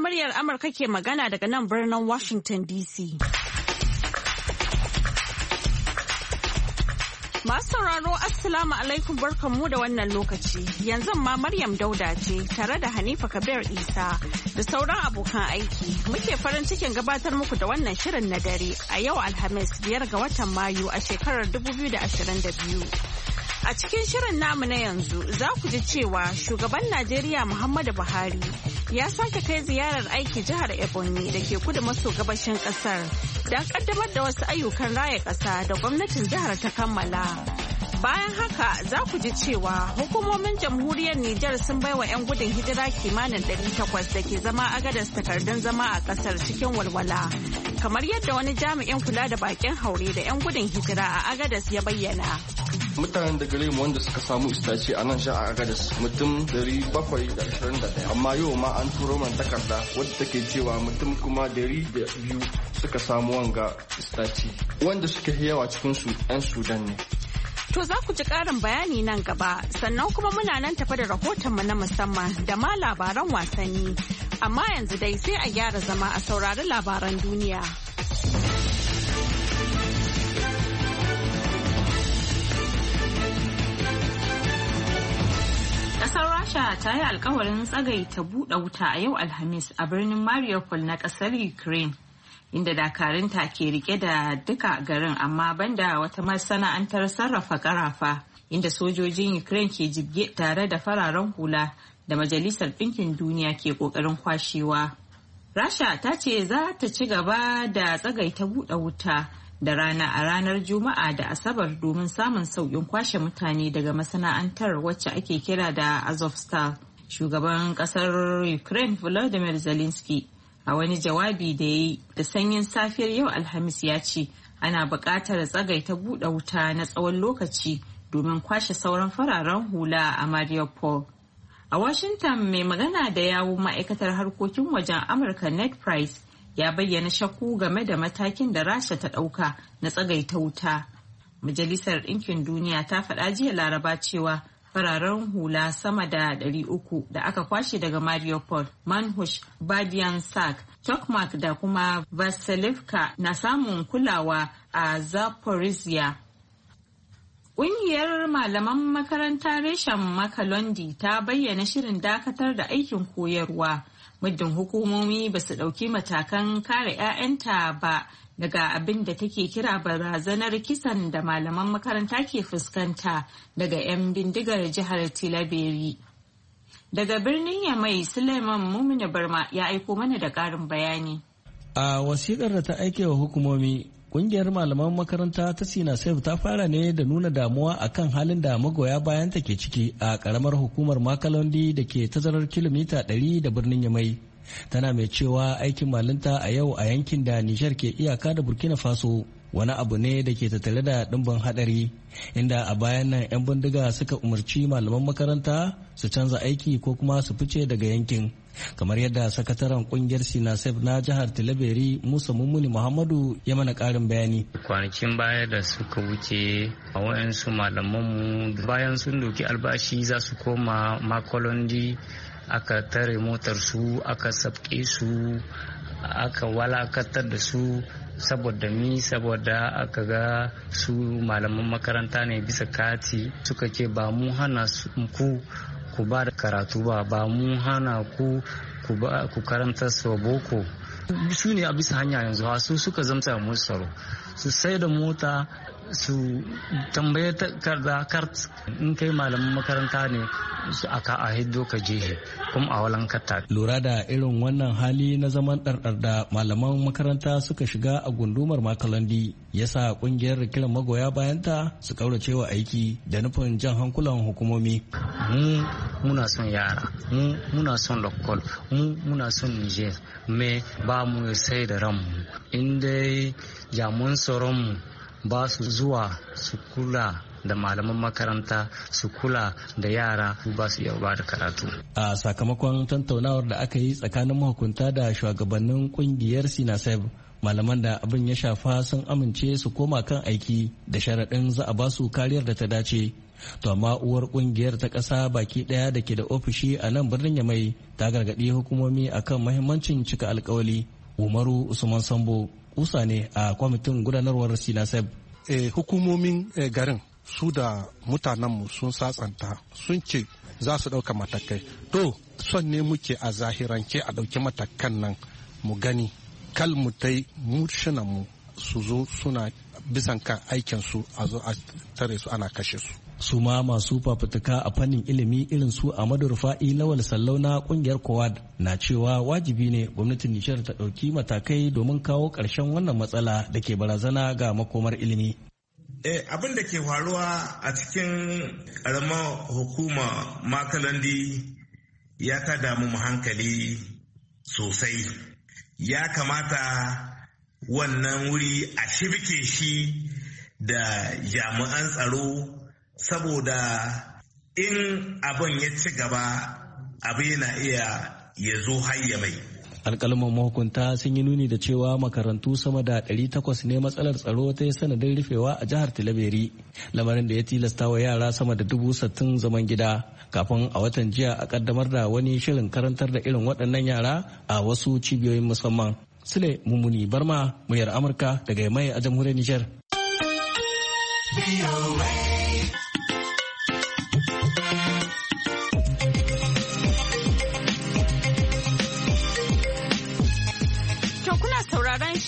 muryar Amurka ke magana daga nan birnin Washington DC. Masu sauraro Assalamu alaikum barkanmu da wannan lokaci. Yanzu ma Maryam Dauda ce tare da Hanifa Kabir Isa da sauran abokan aiki. Muke farin cikin gabatar muku da wannan shirin na dare a yau Alhamis biyar ga watan Mayu a shekarar 2022. A cikin shirin namu na yanzu za ku ji cewa shugaban Najeriya Muhammadu Buhari ya sake kai ziyarar aiki jihar Ebonyi da ke kudu maso gabashin kasar don kaddamar da wasu ayyukan raya kasa da gwamnatin jihar ta kammala. Bayan haka za ku ji cewa hukumomin jamhuriyar Nijar sun baiwa 'yan gudun hijira kimanin 800 da ke zama agadas takardun zama a kasar cikin walwala. Kamar yadda wani jami'in kula da bakin haure da 'yan gudun hijira a agadas ya bayyana. mutanen da gare mu wanda suka samu istace a nan sha a agadas mutum 721 amma yau ma an turo man takarda wadda take cewa mutum kuma 200 suka samu wanga istace wanda suka yawa cikin su 'yan sudan ne To za ku ji ƙarin bayani nan gaba sannan kuma muna nan tafa da rahotonmu na musamman da ma labaran wasanni. Amma yanzu dai sai a gyara zama a saurari labaran duniya. Kasar Rasha ta yi alkawarin tsagaita buɗe wuta a yau Alhamis a birnin Mariupol na ƙasar Ukraine. Inda dakarunta ke rike da duka garin amma banda wata masana'antar sarrafa ƙarafa, inda sojojin Ukraine ke jibge tare da fararen hula da Majalisar Ɗinkin Duniya ke ƙoƙarin kwashewa. Rasha ta ce za ta ci gaba da tsagaita buɗe wuta da rana a ranar Juma'a da Asabar domin samun sauƙin kwashe mutane daga masana'antar wacce ake kira da Azovstal. Shugaban ƙasar Ukraine Volodymyr Zelensky a wani jawabi da ya yi da sanyin safiyar yau Alhamis ya ce ana buƙatar tsagaita buɗe wuta na tsawon lokaci domin kwashe sauran fararen hula a Mariupol. A Washington mai magana da yawun ma'aikatar harkokin wajen Amurka Ned Price ya bayyana shakku game da matakin da rasha ta ɗauka na tsagaita wuta majalisar ɗinkin duniya ta faɗa jiya laraba cewa fararen hula sama da 300 da aka kwashe daga mariupol manhush badian sak tokmak da kuma vasilivka na samun kulawa a zaporizhia Ƙungiyar malaman makaranta reshen Makalondi ta bayyana shirin dakatar da aikin koyarwa. Muddin hukumomi ba su ɗauki matakan kare 'ya'yanta ba daga abin da take kira barazanar kisan da malaman makaranta ke fuskanta daga 'yan bindigar jihar Tilaberi. Daga birnin Yamai, Suleiman Mumina Barma ya aiko mana da ƙarin bayani. A wasiƙar da ta aike wa hukumomi, Ƙungiyar malaman makaranta ta Sinasef ta fara ne da nuna damuwa a kan halin da magoya bayanta ke ciki a karamar hukumar Makalondi da ke tazarar kilomita 100 da birnin Yamai. Tana mai cewa aikin malinta a yau a yankin da Nijar ke iyaka da Burkina Faso wani abu ne da ke tattare da ɗimbin haɗari inda a bayan nan 'yan bindiga suka umarci malaman makaranta su canza aiki ko kuma su fice daga yankin. kamar yadda sakataren kungiyar sinasef na jihar tilaberi musa mummuni muhammadu ya mana karin bayani kwanakin baya da suka wuce a wayansu malamanmu bayan sun doki albashi za su koma makolondi aka tare motar su aka sabke su aka walakatar da su saboda mi saboda aka ga su malaman makaranta ne bisa kati suka ce ba mu hana ku ku ba da karatu ba ba mu hana ku ku karanta su boko su ne a bisa hanya yanzu su suka zamta musu tsaro su sai da mota su tambaye da kart in kai malamin makaranta ne su aka a hiddo ka je kuma a walan walankata. Lura da irin wannan hali na zaman ɗarɗar da malaman makaranta suka shiga a gundumar makalandi ya sa ƙungiyar kiran magoya bayanta su kauracewa aiki da nufin jan hankulan hukumomi. Mu muna son yara, mu muna son lokol, mu muna son Niger, me ba mu sai da ranmu. In dai jamun tsaronmu ba su zuwa su kula da malaman makaranta su kula da yara ba su iya ba da karatu. A sakamakon tantaunawar da aka yi tsakanin mahukunta da shugabannin kungiyar Sinaseb malaman da abin ya shafa sun amince su koma kan aiki da sharaɗin za a ba su kariyar da ta dace. To amma uwar kungiyar ta ƙasa baki ɗaya da ke da ofishi a nan birnin Yamai ta gargaɗi hukumomi akan mahimmancin cika alkawali. Umaru Usman Sambo kusa ne a kwamitin gudanarwar sinasab eh, hukumomin eh, garin su da mutanenmu sun satsanta sun ce za su ɗauka matakai to son ne muke a zahirance a ɗauki matakan nan mu gani kal mu tai mu su zo suna bisan kan aikinsu a zo a tare su ana kashe su su ma masu fafutuka a fannin ilimi irin su Ahmadu Rufa'i Lawal Sallau na kungiyar Kowad na cewa wajibi ne gwamnatin Nijar ta ɗauki matakai domin kawo ƙarshen wannan matsala da ke barazana ga makomar ilimi. Eh, abin da ke faruwa a cikin ƙaramar hukuma makalandi ya ta damu mu hankali sosai. Ya kamata wannan wuri a shibike shi da jami'an tsaro saboda in abin ya ci gaba abu yana iya ya zo hayya mai alkalman mahukunta sun yi nuni da cewa makarantu sama da 800 ne matsalar tsaro ta yi sanadin rufewa a jihar tilaberi lamarin da ya tilasta wa yara sama da dubu sattin zaman gida kafin a watan jiya a kaddamar da wani shirin karantar da irin waɗannan yara a wasu cibiyoyin musamman sule mummuni barma muryar amurka daga mai a jamhuriyar nijar.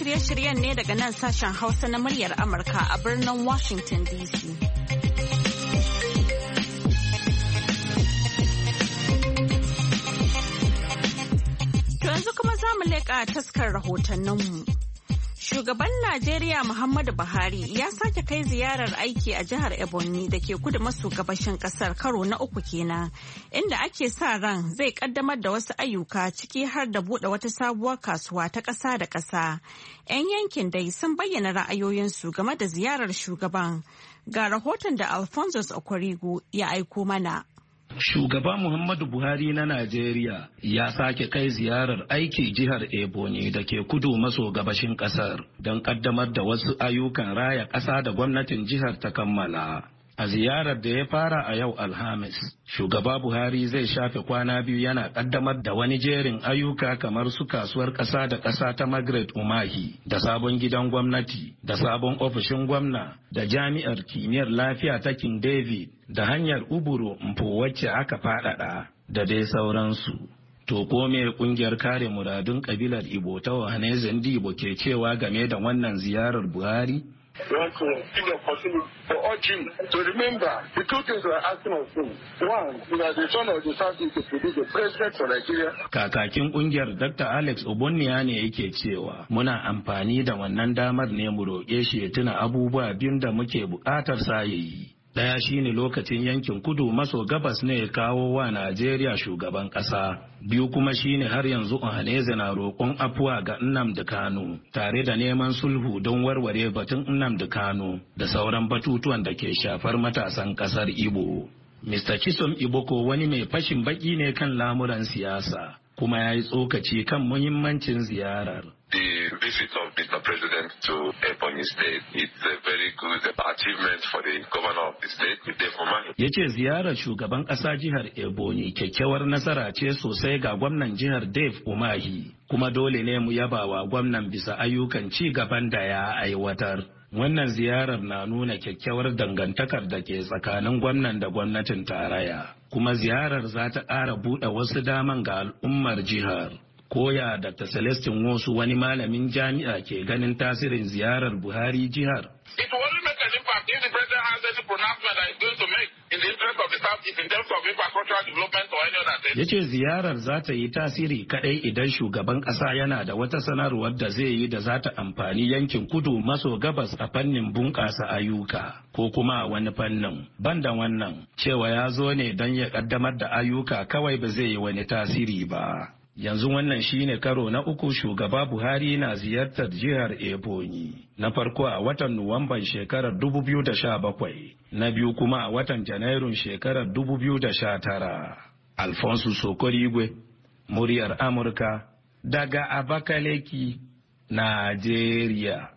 shirye-shiryen ne daga nan sashen Hausa na muryar Amurka a birnin Washington DC. To yanzu kuma za mu leƙa taskar rahotanninmu. Shugaban Najeriya Muhammadu Buhari ya sake kai ziyarar aiki a jihar Ebonyi da ke kudu maso gabashin kasar karo na uku kenan, inda ake sa ran zai kaddamar da wasu ayyuka ciki har da buɗe wata sabuwar kasuwa ta ƙasa da ƙasa. 'Yan yankin dai sun bayyana ra'ayoyinsu game da ziyarar shugaban. Ga rahoton da Alphonsus Okorigo ya aiko mana. Shugaba Muhammadu Buhari na Najeriya ya sake kai ziyarar aiki jihar Ebonyi da ke kudu maso gabashin kasar don kaddamar da wasu ayyukan raya ƙasa da gwamnatin jihar ta kammala. A ziyarar da ya fara a yau Alhamis, shugaba Buhari zai shafe kwana biyu yana kaddamar da wani jerin ayyuka kamar su kasuwar ƙasa da ƙasa ta Margaret Umahi, da sabon gidan gwamnati, da sabon ofishin gwamna, da jami'ar kimiyyar lafiya ta King David, da hanyar Uburo Mpo wacce aka faɗaɗa, da dai sauransu. To ko me kungiyar kare muradun kabilar Ibo ta wahane Zandibo ke cewa game da wannan ziyarar Buhari? We want to give the opportunity for all teams to remember the two things we are asking of him. One, you are the son of the South East to be the president of Nigeria. Kakakin kungiyar Dr. Alex Obonnia ne yake cewa muna amfani da wannan damar ne mu roƙe shi ya tuna abubuwa biyun da muke buƙatar sa ya yi. Ɗaya shine lokacin yankin kudu maso gabas ne ya kawo wa Najeriya shugaban ƙasa. Biyu kuma shine har yanzu Ohaneze na roƙon afuwa ga Nnamdi Kano tare da neman sulhu don warware batun Nnamdi Kano da sauran batutuwan da ke shafar matasan ƙasar Ibo. Mr. Chisom Iboko wani mai fashin baki ne kan lamuran siyasa. kuma ya yi tsokaci kan muhimmancin ziyarar. The visit of Mr. President to Ebonyi State is a very good achievement for the governor of the state, Ya ce ziyarar shugaban ƙasa jihar Ebonyi kyakkyawar nasara ce sosai ga gwamnan jihar Dave Umahi, kuma dole ne mu yabawa gwamnan bisa ayyukan ci gaban da ya aiwatar. Wannan ziyarar na nuna kyakkyawar dangantakar da ke tsakanin gwamnan da gwamnatin tarayya, kuma ziyarar za ta ƙara buɗe wasu daman ga al'ummar jihar. Koya ta Celestin wasu wani malamin jami'a ke ganin tasirin ziyarar Buhari jihar. It will make an impact, if the president has any pronouncement that is going to make in the interest in terms Yace ziyarar za ta yi tasiri kadai idan shugaban kasa yana da wata sanarwar da zai yi da za ta amfani yankin kudu maso gabas a fannin bunƙasa ayyuka ko kuma wani fannin. Banda wannan cewa ya zo ne don ya kaddamar da ayyuka kawai ba zai yi wani tasiri ba. yanzu wannan shine karo na uku shugaba buhari na ziyartar jihar ebonyi na farko a watan nuwamban shekarar 2017 na biyu kuma a watan janairun shekarar 2019 alfonso sokorigwe muryar amurka daga abakaleki Najeriya.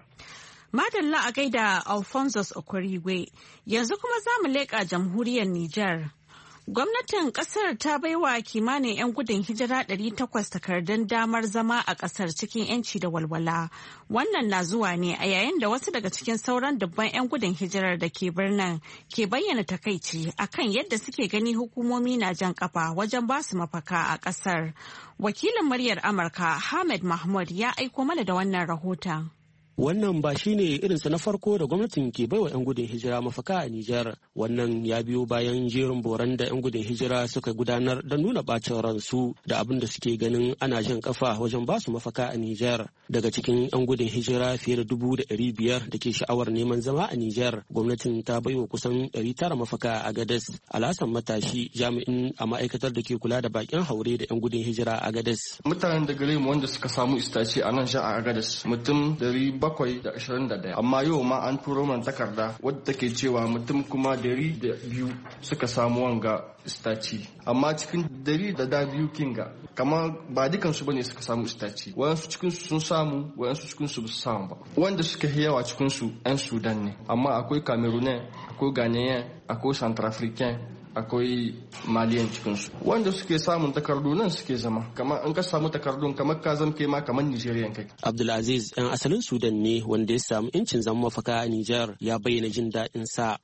madalla a gaida alphonsus sokorigwe yanzu kuma za mu leƙa jamhuriyar Nijar. Gwamnatin kasar ta baiwa kimanin 'yan gudun hijira 800 takardun damar zama a kasar cikin 'yanci da walwala. Wannan na zuwa ne a yayin da wasu daga cikin sauran dubban 'yan gudun hijirar da ke birnin ke bayyana takaici akan yadda suke gani hukumomi na jan kafa wajen basu mafaka a kasar. Wakilin muryar Amurka Ahmed Mahmud ya aiko mana da wannan rahoton. Wannan ba shi ne irinsa na farko da gwamnatin ke baiwa 'yan gudun hijira mafaka a Nijar. Wannan ya biyo bayan jerin boran da 'yan gudun hijira suka gudanar don nuna bacin ransu da abin da suke ganin ana jan kafa wajen ba su mafaka a Nijar. Daga cikin 'yan gudun hijira fiye da dubu da ɗari biyar da ke sha'awar neman zama a Nijar, gwamnatin ta baiwa kusan ɗari tara mafaka a Gadas. Alasan matashi jami'in a ma'aikatar da ke kula da bakin haure da 'yan gudun hijira a Gadas. Mutanen da gare mu wanda suka samu istaci a nan sha'a a Gadas mutum ɗari bakwai da ashirin da daya amma yau ma an turo mana takarda wadda ke cewa mutum kuma dari da biyu suka samu wanga istaci amma cikin dari da da biyu kinga kama ba dukansu bane suka samu staci wayansu cikin su sun samu wayansu cikin su su samu ba wanda suka yi yawa cikin su yan sudan ne amma akwai cameroonian akwai ghanaian akwai centrafricain akwai maliyan cikinsu wanda suke samun takardu nan suke zama kamar an ka samu takardun kamar ka zama kai ma kamar nijeriya kai abdulaziz yan asalin sudan ne wanda ya samu incin zama mafaka a nijar ya bayyana jin daɗin sa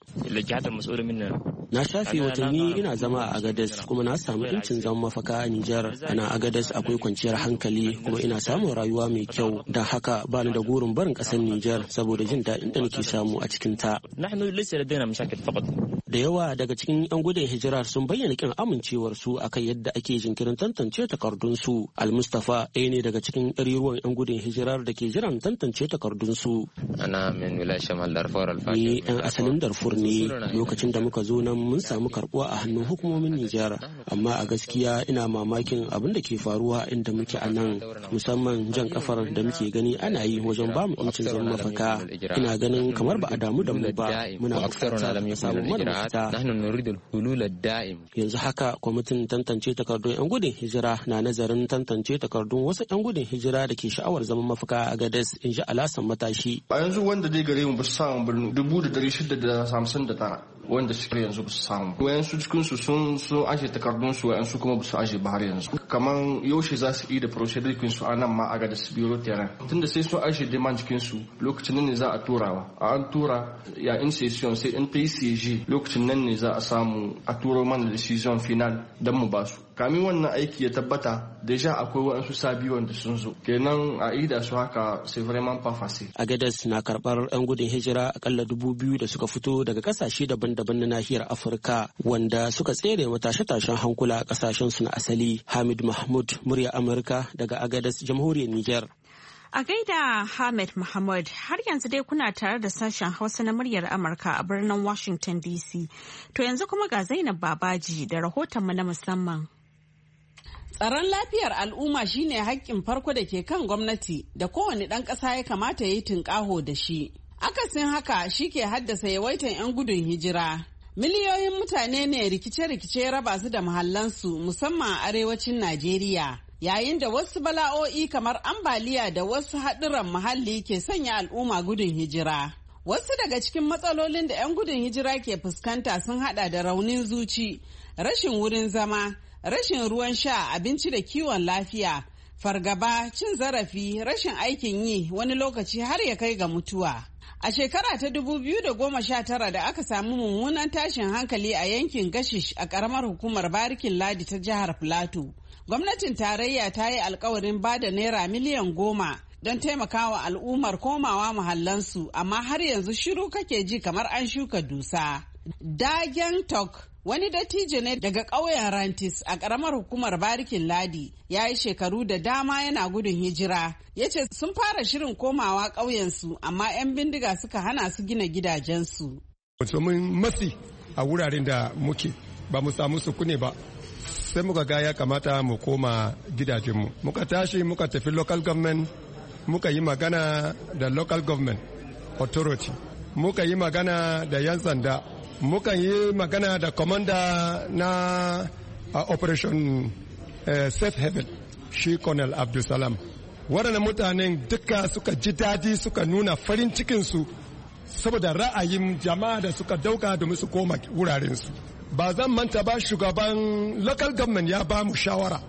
na shafe watanni ina zama a agadas kuma na samu incin zama mafaka a nijar ana agadas akwai kwanciyar hankali kuma ina samun rayuwa mai kyau don haka ba ni da gurin barin ƙasar nijar saboda jin daɗin da nake samu a cikin ta da yawa daga cikin 'yan gudun hijirar sun bayyana kin a akan yadda ake jinkirin tantance takardunsu almustafa ɗaya ne daga cikin ɗariruwan 'yan gudun hijirar da ke jiran tantance takardunsu ni 'yan asalin darfur ne lokacin da muka zo nan mun samu karɓuwa a hannun hukumomin nijar amma a gaskiya ina mamakin abin da ke faruwa inda muke a nan musamman jan kafar da muke gani ana yi wajen bamu amincin zama mafaka ina ganin kamar ba a damu da mu ba muna da samun mana shahada nahnu nuridu hulul da'im yanzu haka kwamitin tantance takardun yan gudun hijira na nazarin tantance takardun wasu yan gudun hijira da ke sha'awar zaman mafaka a gadas in ji alasan matashi a yanzu wanda dai gare mu ba su samu birni dubu da dari shida da hamsin da tara wanda suke yanzu ba su samu wayansu cikin su sun sun aje takardun su wayansu kuma ba su aje ba har yanzu kaman yaushe za su yi da procedure kin su anan ma a ga da su biro tare tunda sai su aje demand cikin su lokacin ne za a turawa a an tura ya in session sai in PCG lokacin nan ne za a samu a turo mana decision final dan mu ba su kamin wannan aiki ya tabbata deja akwai waɗansu sabi wanda sun zo kenan a ida su haka sai vraiment pas facile na karɓar 'yan gudun hijira akalla dubu biyu da suka fito daga ƙasashe daban-daban na nahiyar afirka wanda suka tsere wa tashe-tashen hankula a ƙasashen su na asali hamid mahmud murya amurka daga agadas jamhuriyar niger A gaida Hamid Mahmud har yanzu dai kuna tare da sashen Hausa na muryar Amurka a birnin Washington DC. To yanzu kuma ga Zainab Babaji da rahoton mu na musamman. Tsaron lafiyar al'umma shine haƙƙin farko da ke kan gwamnati da kowane ɗan ƙasa ya kamata ya yi tunƙaho da shi. Akasin haka shi ke haddasa yawaitan 'yan gudun hijira. Miliyoyin mutane ne rikice-rikice raba su da muhallansu musamman a arewacin Najeriya. Yayin da wasu bala'o'i kamar ambaliya da wasu haɗuran muhalli ke sanya al'umma gudun hijira. Wasu daga cikin matsalolin da 'yan gudun hijira ke fuskanta sun haɗa da raunin zuci, rashin wurin zama, rashin ruwan sha abinci da kiwon lafiya fargaba cin zarafi rashin aikin yi wani lokaci har ya kai ga mutuwa a shekara ta 2019 da aka samu mummunan tashin hankali a yankin gashish a karamar hukumar barikin ladi ta jihar plateau gwamnatin tarayya ta yi alkawarin ba da naira miliyan goma don taimakawa al'ummar komawa muhallansu amma har yanzu shiru kake ji kamar an shuka dusa dagen tok Wani dattijo ne daga ƙauyen Rantis a ƙaramar hukumar Barikin Ladi ya yi shekaru da dama yana gudun hijira. Ya ce sun fara shirin komawa ƙauyensu amma 'yan bindiga suka hana su gina gidajensu. Mun masi a wuraren da muke ba mu samu su kune ba. Sai muka ga ya kamata mu koma gidajenmu. Muka tashi muka tafi local government muka yi magana da local government authority. Muka yi magana da 'yan sanda mukan yi magana da komanda na operation eh, safe haven shi colonel abdulsalam waɗannan mutanen duka suka ji daɗi suka nuna farin cikinsu saboda ra'ayin jama'a da suka dauka domin su koma wurarensu ba zan manta ba shugaban local government ya ba mu shawara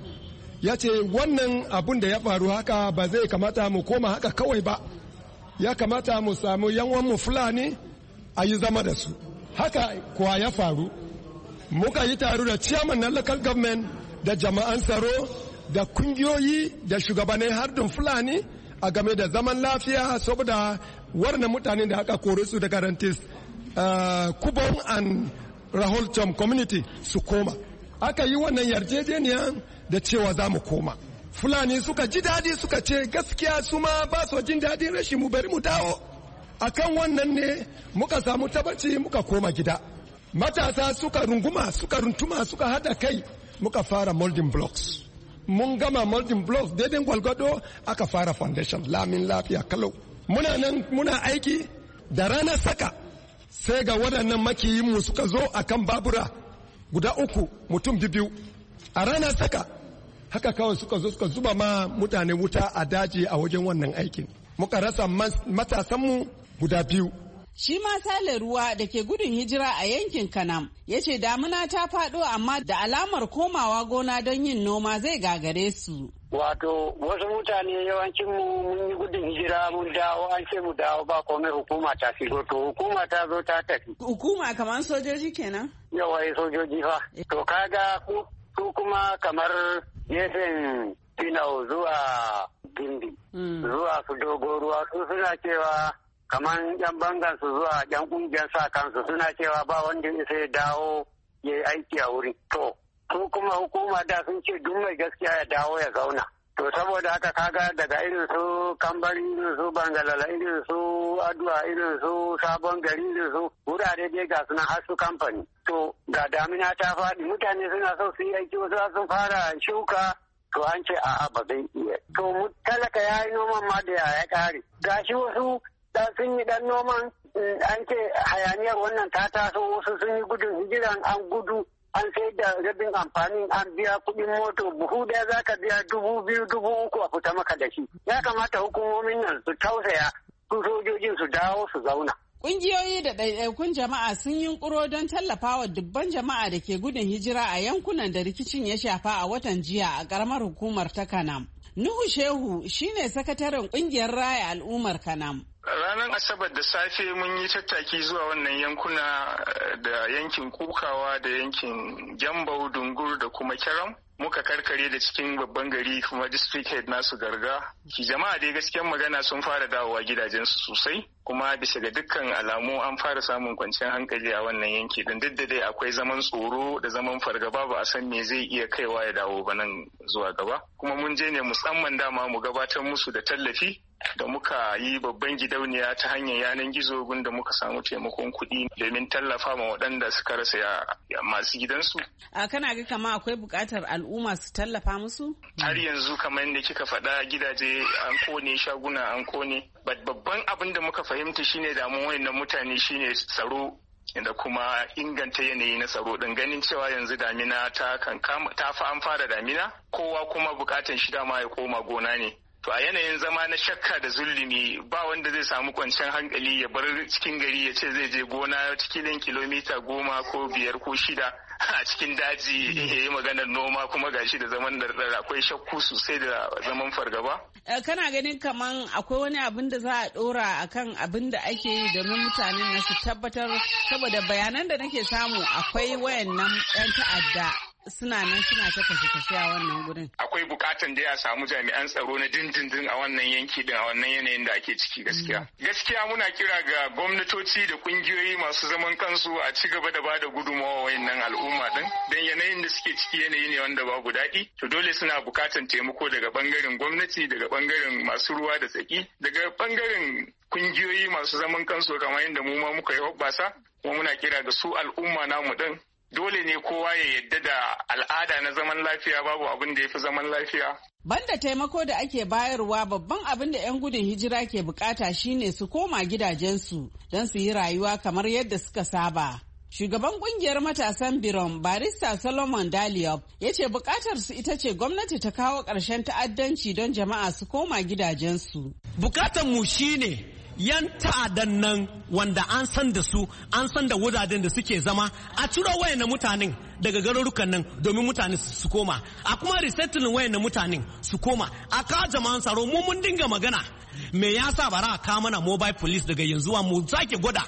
ya ce wannan abun da ya faru haka ba zai kamata mu koma haka kawai ba ya kamata mu samu mu fulani a yi zama da su haka kuwa ya faru muka yi taru da ciyaman na local government da jama'an tsaro da kungiyoyi da shugabannin hardin fulani a game da zaman lafiya saboda warna mutane da aka kore su daga rantis eh, kubon and raholtom community su koma aka yi wannan yarjejeniya da cewa za mu koma fulani suka ji daɗi suka ce gaskiya su ma ba su jin daɗin rashin mu bari mu dawo akan wannan ne muka samu tabbaci muka koma gida matasa suka runguma suka runtuma suka hada kai muka fara molding blocks mun gama molding blocks daidai gwalgwado aka fara foundation lamin lafiya kalau muna nan muna aiki da ranar saka sai ga waɗannan makiyinmu suka zo akan babura guda uku mutum biyu a ranar saka haka kawai suka zo suka zuba ma mutane wuta a daji a wajen wannan aikin muka rasa matasanmu guda biyu Shi ma sale ruwa da ke gudun hijira a yankin Kanam ya ce damuna ta faɗo amma da alamar komawa gona don yin noma zai gagare su. Wato wasu mutane yawancin mu mun yi gudun hijira mun dawo an ce mu dawo ba kome hukuma ta fi to hukuma ta zo ta tafi. Hukuma kamar sojoji kenan? Yawa eh, sojoji fa. Eh. To kaga ku kuma kamar gefen Pinau zuwa Gindi. Hmm. Zuwa su dogo ruwa su suna cewa kamar yan bangan su zuwa yan kungiyar sa kansu suna cewa ba wanda isa ya dawo ya yi aiki a wuri to su kuma hukuma da sun ce duk mai gaskiya ya dawo ya zauna to saboda haka kaga daga irin su kambari irin su bangalala irin su adua irin su sabon gari irin su wurare dai ga suna har su kamfani to ga damina ta faɗi mutane suna so su yi aiki wasu sun fara shuka to an ce a'a ba zai iya to talaka ya yi noman ma da ya kare gashi wasu sun yi dan noman eh, an ce hayaniyar wannan ta taso wasu sun yi gudun hijiran an gudu an sai da rabin amfani an biya kuɗin mota buhu ɗaya za ka biya dubu biyu dubu uku a fita maka da shi ya kamata hukumomin nan su tausaya su sojojin su dawo su zauna. Ƙungiyoyi da ɗaiɗaikun jama'a sun yi nkuro don tallafa wa dubban jama'a da ke gudun hijira a yankunan da rikicin ya shafa a watan jiya a ƙaramar hukumar ta Kanam. Nuhu Shehu shine sakataren ƙungiyar raya al'ummar Kanam. Ranar Asabar da safe mun yi tattaki zuwa wannan yankuna eh, da yankin kukawa da yankin gyambau dungur da kuma kyaram. muka karkare da cikin babban gari kuma district head nasu garga ki jama'a dai gaskiyan magana sun fara dawowa gidajensu sosai kuma bisa ga dukkan alamu an fara samun kwanciyar hankali a wannan yanki din duk da dai akwai zaman tsoro da zaman fargaba ba a san me zai iya kaiwa ya dawo ba nan zuwa gaba kuma mun je ne musamman dama mu gabatar musu da tallafi da muka yi babban gidauniya ta hanyar yanar gizo gunda muka samu taimakon kuɗi domin tallafa ma waɗanda suka rasa masu gidansu. A kana ga kama akwai buƙatar al'umma su tallafa musu? Har yanzu kamar yadda kika faɗa gidaje an kone shaguna an kone. Babban abin da muka fahimta shine damuwar na mutane shine tsaro da kuma inganta yanayi na tsaro ɗin ganin cewa yanzu damina ta kan an fara damina kowa kuma bukatan shi dama ya koma gona ne to a yanayin zama na shakka da zulumi ba wanda zai samu kwanciyar hankali ya bar cikin gari ya ce zai je gona cikin kilomita goma ko biyar ko shida a cikin daji ya yi maganar noma kuma gashi da zaman dardara akwai shakku sosai da zaman fargaba. Eh, kana ganin kaman akwai wani abin da za a dora akan abin da ake yi domin mutanen na su tabbatar saboda bayanan da nake samu akwai wayannan 'yan ta'adda suna nan suna ta kashe-kashe a wannan gurin. Akwai bukatan da ya samu jami'an tsaro na dindindin a wannan yanki din a wannan yanayin da ake ciki gaskiya. Mm. Gaskiya muna kira ga gwamnatoci da kungiyoyi masu zaman kansu a ci gaba da bada gudunmawa wayannan al'umma din don yanayin da suke ciki yanayi ne wanda babu daɗi to dole suna bukatan taimako daga bangaren gwamnati daga bangaren masu ruwa da tsaki daga bangaren kungiyoyi masu zaman kansu kamar yadda mu ma muka yi hoɓɓasa kuma muna kira ga su al'umma namu din dole ne kowa ya yadda da al'ada na zaman lafiya babu abin da ya fi zaman lafiya. Banda taimako da ake bayarwa babban abin da 'yan gudun hijira ke bukata shine su koma gidajensu don su yi rayuwa kamar yadda suka saba. Shugaban kungiyar matasan Biron barista Solomon Daliop ya ce bukatar su ita ce gwamnati ta kawo ƙarshen ta'addanci don jama'a su koma gidajensu. Bukatar mu shine yan ta'adan nan wanda an san da su an san da wuraren da suke zama a ciro wayannan mutanen daga garurukan nan domin mutane su koma a kuma resettling wayannan mutanen su koma a kawo jama'an tsaro mu mun dinga magana me sa bara a ka mana mobile police daga yanzu mu sake gwada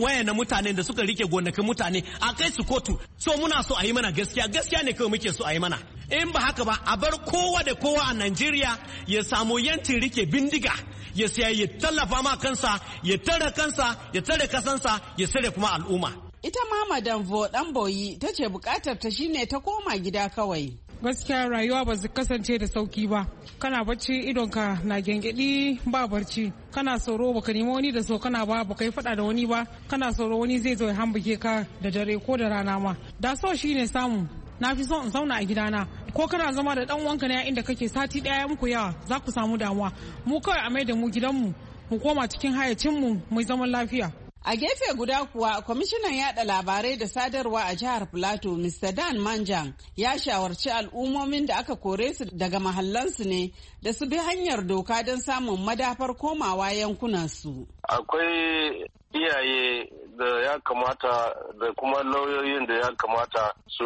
waya na mutane da suka rike gonakin mutane a kai su kotu so muna so a yi mana gaskiya gaskiya ne kawai muke so a yi mana in ba haka ba a bar kowa da kowa a Najeriya ya samu yancin rike bindiga ya siya ya tallafa ma kansa ya tare kansa ya tare kasansa ya sare kuma al'umma ita ma madam vo dan ta ce bukatar ta shine ta koma gida kawai gaskiya rayuwa ba su kasance da sauki ba kana bacci idonka na gyangyaɗi ba barci kana tsoro baka nemi wani da so kana ba kai kai faɗa da wani ba kana tsoro wani zai zo ya hambuke ka da dare ko da rana ma da so shine samu na fi son in zauna a gidana ko kana zama da dan wanka na inda kake sati daya muku yawa za ku samu damuwa mu kawai a mai da mu gidanmu mu koma cikin hayacin mu mu zaman lafiya A gefe guda kuwa, kwamishinan yada labarai da sadarwa a jihar Filato, Mr. Dan Manjan, ya shawarci al'ummomin da aka kore su daga mahallansu ne da su bi hanyar doka don samun madafar komawa yankunansu. Akwai iyaye da ya kamata da kuma lauyoyin da ya kamata su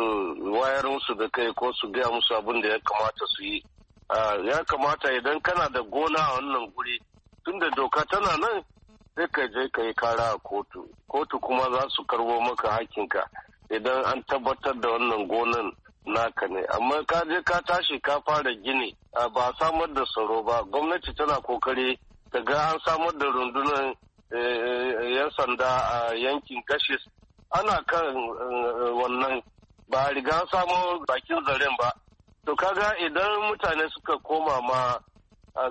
wayar musu da kai ko su gaya musu abin da ya kamata su yi. Ah, ya kamata idan kana da gona a wannan guri, tunda doka tana nan sai ka je ka yi kara a kotu kotu kuma za su karbo maka hakinka idan an tabbatar da wannan gonan naka ne amma ka je ka tashi ka fara gini ba a samar da tsaro ba gwamnati tana kokari ta ga an samar da rundunar eh, eh, yan sanda a yankin gashis ana kan eh, wannan ba riga an samo bakin zaren ba to kaga idan mutane suka koma ma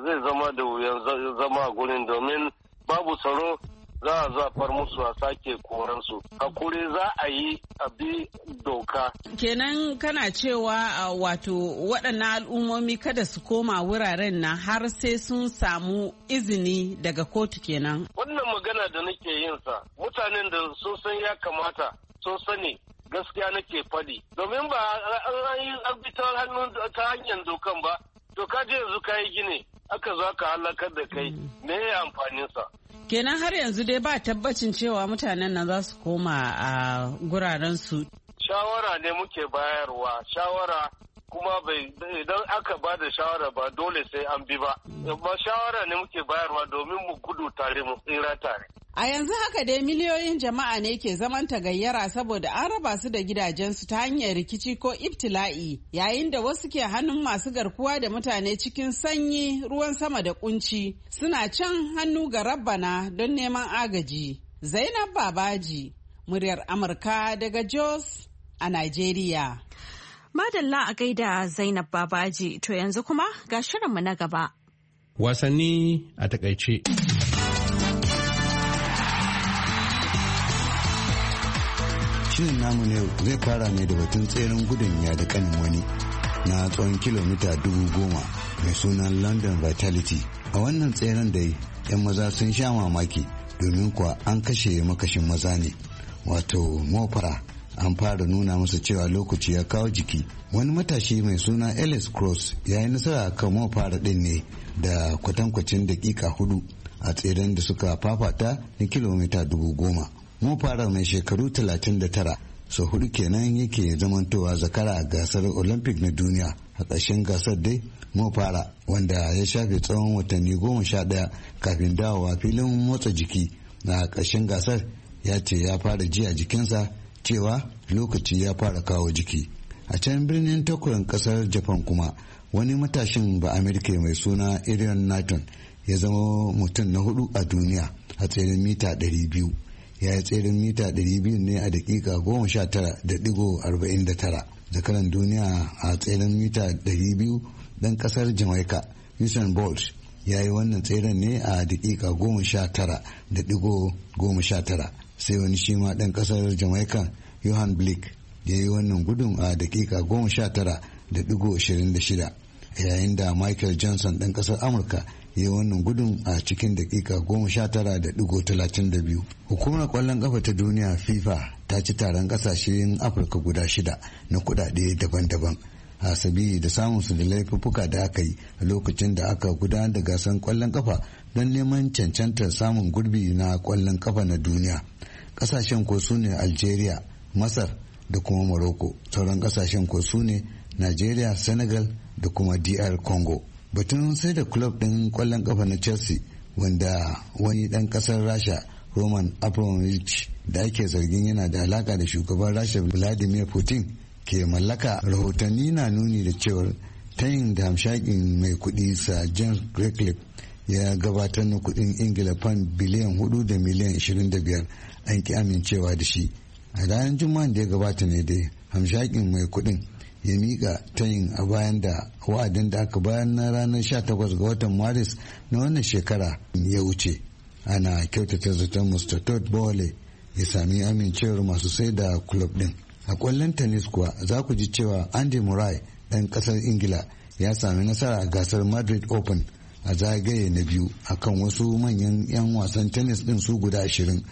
zai zama da wuyan zama gurin domin babu tsaro za a zafar musu a sake koransu hakuri za a yi a bi doka kenan kana cewa wato waɗannan al'ummomi kada su koma wuraren na har sai sun samu izini daga kotu kenan wannan magana da nake yin sa mutanen da sun san ya kamata sun sani gaskiya nake faɗi domin ba an yi hannun ta hanyar dokan ba doka je yanzu ka yi gine aka zo ka halakar da kai mm. me ya amfaninsa kenan har yanzu dai ba tabbacin cewa mutanen nan za su koma a guraren su shawara ne muke bayarwa shawara kuma bai idan aka ba da shawara ba dole sai an bi ba mm. ba shawara ne muke bayarwa domin mu gudu tare mu tsira tare A yanzu haka dai miliyoyin jama'a ne ke zaman tagayyara saboda an raba su da gidajensu ta hanyar rikici ko ibtila'i yayin da wasu ke hannun masu garkuwa da mutane cikin sanyi ruwan sama da kunci suna can hannu ga rabbana don neman agaji. Zainab Babaji, muryar Amurka daga Jos a Najeriya. Madalla a gaida Zainab Babaji to yanzu kuma ga shirinmu na gaba. Wasanni a takaice. Shirin namu yau zai fara ne da batun tseren gudun ya da kanin wani na tsawon kilomita dubu goma mai sunan London Vitality. A wannan tseren da 'yan maza sun sha mamaki domin kuwa an kashe makashin maza ne wato mofara an fara nuna masa cewa lokaci ya kawo jiki wani matashi mai suna ellis cross ya yi nasara kan mofara din ne da kwatankwacin dakika hudu a tseren da suka fafata na kilomita dubu goma mu fara mai shekaru 39 sau hudu kenan yake zamantowa zakara a gasar olympic na duniya a ƙarshen gasar dai mu fara wanda ya shafe tsawon watanni goma sha ɗaya kafin dawowa filin motsa jiki na ƙarshen gasar ya ce ya fara jiya jikinsa cewa lokaci ya fara kawo jiki a can birnin takuran kasar japan kuma wani matashin ba amerika mai suna irin naton ya zama mutum na hudu a duniya a tseren mita 200 ya yi tseren mita 200 ne a dakika 19.49 zakaran duniya a tseren mita 200 dan kasar jamaica usain bolt ya yi wannan tseren ne a dakika 19.19 sai wani shima ma dan kasar jamaica johan blake ya yi wannan gudun a dakika 19.26 yayin da michael johnson dan kasar amurka ya wannan gudun a cikin dakika goma sha tara da ɗigo talatin da biyu hukumar ƙwallon ƙafa ta duniya fifa ta ci taron kasashen afirka guda shida na kuɗaɗe daban-daban a sabi da samun su da laifuffuka da aka yi a lokacin da aka gudanar da gasar kwallon ƙafa don neman cancantar samun gurbi na kwallon ƙafa na duniya ƙasashen ko su ne algeria masar da kuma morocco sauran ƙasashen ko su ne nigeria senegal da kuma dr congo batun sai da club din kwallon kafa na chelsea wanda wani dan kasar rasha roman abramovich da ake zargin yana da alaka da shugaban rasha vladimir putin ke mallaka rahotanni na nuni da cewar ta yin da hamshakin mai kudi sa james greycliffe ya gabatar na kudin ingila fan biliyan 4 da miliyan 25 an ki amincewa da shi a ranar juma'an da ya gabata ne dai hamshakin mai kudin ya mika tayin a bayan da wa'adin da aka bayan na ranar 18 ga watan maris na wannan shekara ya wuce ana kyautata zaton mr todd bowley ya sami amincewar masu sai da kulob din a kwallon tennis kuwa za ku ji cewa andy murray dan kasar ingila ya sami nasara a gasar madrid open a zagaye na biyu akan wasu manyan 'yan wasan tennis din su guda ashirin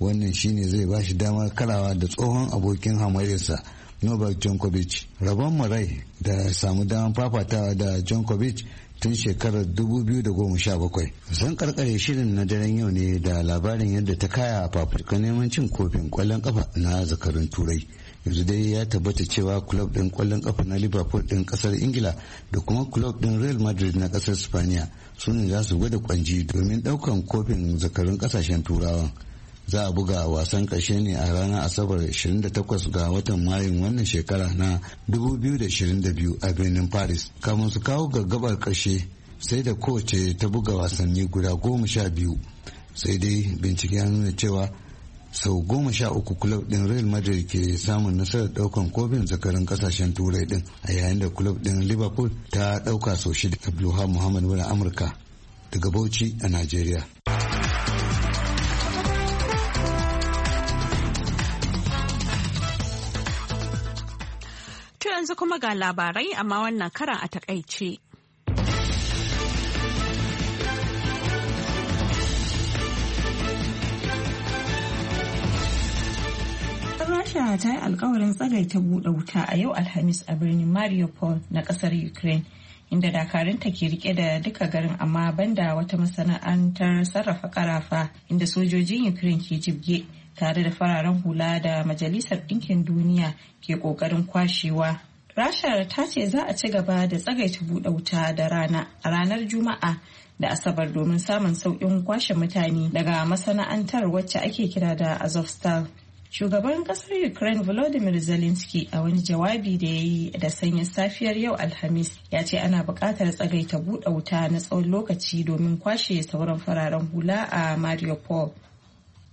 wannan shine zai ba shi damar karawa da tsohon abokin hamarinsa novak djokovic rabon marai da samu damar fafatawa da djokovic tun shekarar 2017 zan karkare shirin na daren yau ne da labarin yadda ta kaya a fafutuka neman cin kofin kwallon kafa na zakarun turai yanzu dai ya tabbata cewa kulob din kwallon kafa na liverpool din kasar ingila da kuma kulob din real madrid na kasar spaniya su ne za su gwada kwanji domin daukan kofin zakarun kasashen turawan za a buga wasan ƙarshe ne a ranar asabar 28 ga watan mayun wannan shekara na 2022 a birnin paris kamun su kawo ga gabar ƙarshe sai da kowace ta buga wasanni guda goma sha biyu sai dai bincike ya nuna cewa sau goma sha uku kulob din real madrid ke samun nasarar daukan kofin zakarin kasashen turai din a yayin da kulob din liverpool ta dauka sau shida abdulhamid muhammad wani amurka daga bauchi a nigeria yanzu kuma ga labarai amma wannan karan a takaice. Rasha ta yi alkawarin tsagaita buɗe wuta a yau Alhamis a birnin Mariupol na ƙasar Ukraine, inda dakarunta ke rike da duka garin amma banda wata masana'antar sarrafa karafa inda sojojin Ukraine ke jibge tare da fararen hula da Majalisar Ɗinkin Duniya ke ƙoƙarin kwashewa rasha ta ce za a ci gaba da tsagaita buɗe wuta da rana a ranar Juma'a da Asabar domin samun sauƙin kwashe mutane daga masana'antar wacce ake kira da Azovstal. Shugaban ƙasar Ukraine Volodymyr Zelensky a wani jawabi da ya yi da sanyin safiyar yau Alhamis ya ce ana buƙatar tsagaita buɗe wuta na tsawon lokaci domin kwashe sauran fararen hula a Mariupol.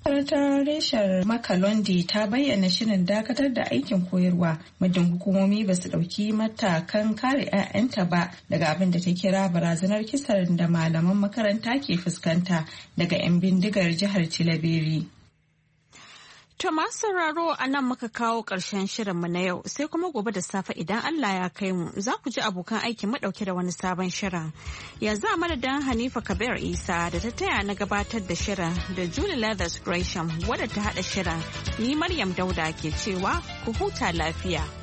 makarantar reshar makalondi ta bayyana shirin dakatar da aikin koyarwa muddin hukumomi ba su ɗauki matakan kare 'ya'yanta ba daga abin da ta kira barazanar kisar da malaman makaranta ke fuskanta daga 'yan bindigar jihar Tilabiri. To masu sauraro a nan muka kawo ƙarshen shirinmu na yau sai kuma gobe da safe idan Allah ya kai mu za ku ji abokan aiki madauke da wani sabon shirin. Yanzu a madadin Hanifa Kabir Isa da ta taya na gabatar da shirin da Julie Leathers Gresham wadda ta haɗa shirin ni Maryam Dauda ke cewa ku huta lafiya.